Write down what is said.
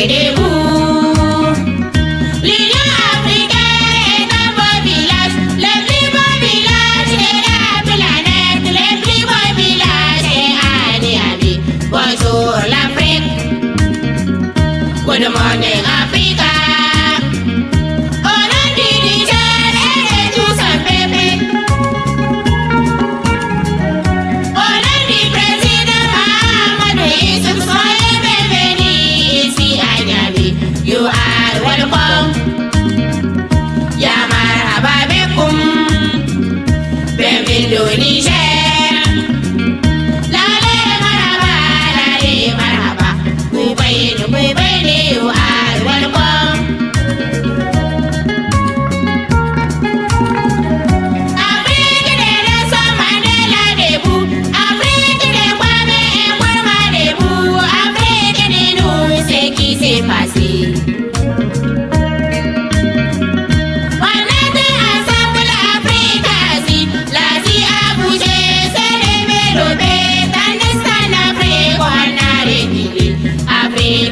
que debo